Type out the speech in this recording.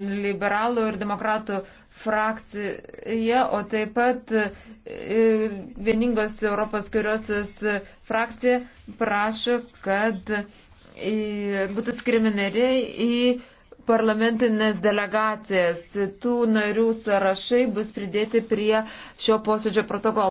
liberalų ir demokratų frakcija, o taip pat e, vieningos Europos kairiosios frakcija prašo, kad e, būtų skiriami nariai į parlamentinės delegacijas. Tų narių sąrašai bus pridėti prie šio posėdžio protokolo.